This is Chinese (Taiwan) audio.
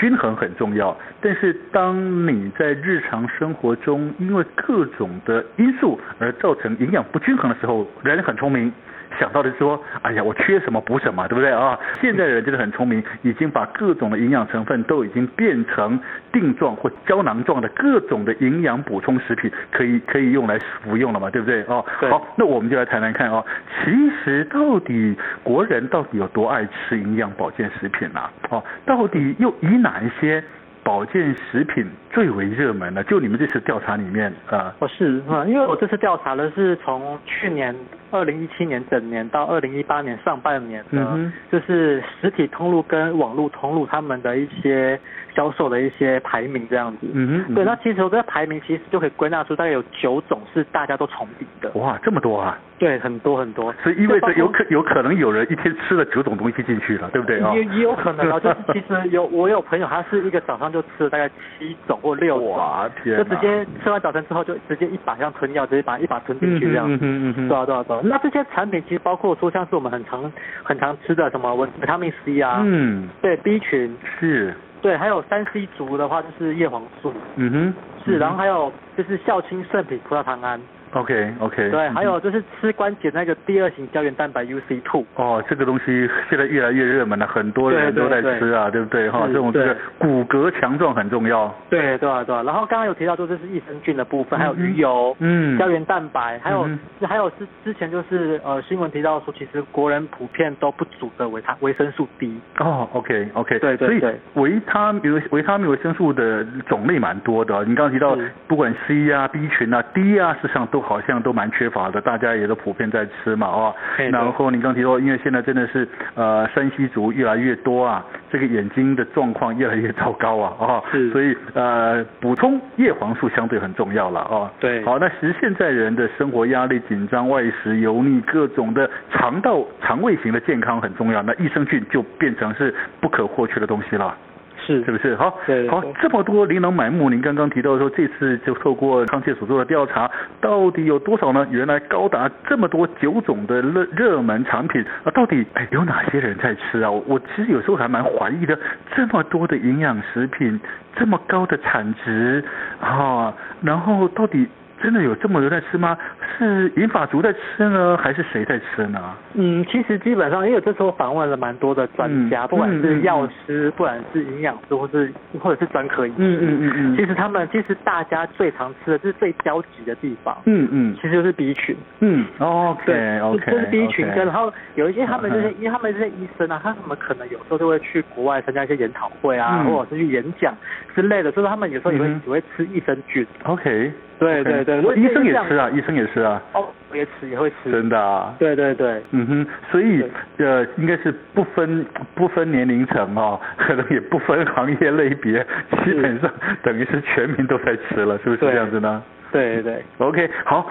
均衡很重要，但是當你在日常生活中因為各種的因素而造成營養不均衡的時候，人很聰明。想到的是說，哎呀，我缺什麼補什麼，對不對啊？現在人就是很聰明，已經把各種的營養成分都已經變成錠狀或膠囊狀的各種的營養補充食品，可以可以用來服用了嘛，對不對啊、哦？好，那我們就來談談看啊、哦，其實到底國人到底有多愛吃營養保健食品呢、啊？哦，到底又以哪一些保健食品最為熱門呢？就你們這次調查裡面啊？我、呃、是，啊，因為我這次調查的是從去年。二零一七年整年到二零一八年上半年的，嗯，就是實體通路跟網絡通路他們的一些銷售的一些排名這樣子嗯。嗯哼。對，那其實我這個排名其實就可以歸納出大概有九種是大家都重疊的。哇，這麼多啊！對，很多很多。所以意味着有可有可能有人一天吃了九種東西進去了，對不對？也也有可能啊。 就是其實有我有朋友，他是一個早上就吃了大概七種或六種。哇天哪，就直接吃完早餐之後就直接一把像吞藥，直接把一把吞進去，嗯嗯，這樣子。嗯嗯嗯嗯。多少多少種？那這些產品其實包括說，像是我們很常很常吃的什麼維維生素 C 啊，嗯，對，B 群是，對，還有三 C 族的話就是葉黃素，嗯哼，是，嗯、然後還有就是孝親聖品葡萄糖胺。OK OK，對、嗯，還有就是吃關節那個第二型膠原蛋白 UC two。哦，這個東西現在越來越熱門了，很多人都在吃啊，對，對，對，對不對哈？這種就骨骼強壯很重要。對對、啊、對、啊。然後剛剛有提到說這是益生菌的部分，還有魚油，嗯，嗯，膠原蛋白，還有、嗯、還有之之前就是呃新聞提到說其實國人普遍都不足的維他維生素 D。哦 OK OK 對，對，對，所以維他比如維，維他命維生素的種類蠻多的，你剛剛提到不管 C 啊 B 群啊 D 啊，事實上都。好像都蠻缺乏的，大家也都普遍在吃嘛，哦。然後你剛提到，因為現在真的是呃，山西族越來越多啊，這個眼睛的狀況越來越糟糕啊，哦。是。所以呃，補充葉黃素相對很重要了，哦。對。好，那其實現在人的生活壓力緊張，外食油膩，各種的腸道、腸胃型的健康很重要，那益生菌就變成是不可或缺的東西了。是不是好？好對對對，這麼多琳琅滿目。您剛剛提到說，這次就透過康健所做的調查，到底有多少呢？原來高達這麼多九種的熱熱門產品啊，到底哎有哪些人在吃啊？我？我其實有時候還蠻懷疑的，這麼多的營養食品，這麼高的產值，啊然後到底真的有這麼多人在吃嗎？是銀髮族在吃呢，還是誰在吃呢？嗯，其實基本上，因為這時候訪問了蠻多的專家，嗯、不管是藥師，嗯嗯、不管是營養師，或是或者是專科醫師，嗯嗯嗯嗯，其實他們其實大家最常吃的，就是最交集的地方，嗯嗯，其實就是 B 群，嗯，OK OK，就是 B 群跟、okay, 然後有一些他們這些，因為他們這些醫生啊，啊嗯、他怎麼可能有時候就會去國外參加一些研討會啊、嗯，或者是去演講之類的，所以他們有時候也會、嗯、只會吃益生菌。OK，對 okay, 對 okay, 對,、哦、對，醫生也吃啊，醫生也吃啊。哦，也吃，也會吃，真的啊，對對對，嗯哼，所以呃，應該是不分不分年齡層啊、哦，可能也不分行業類別，基本上等於是全民都在吃了，是不是，是這樣子呢？對對，對，OK，好。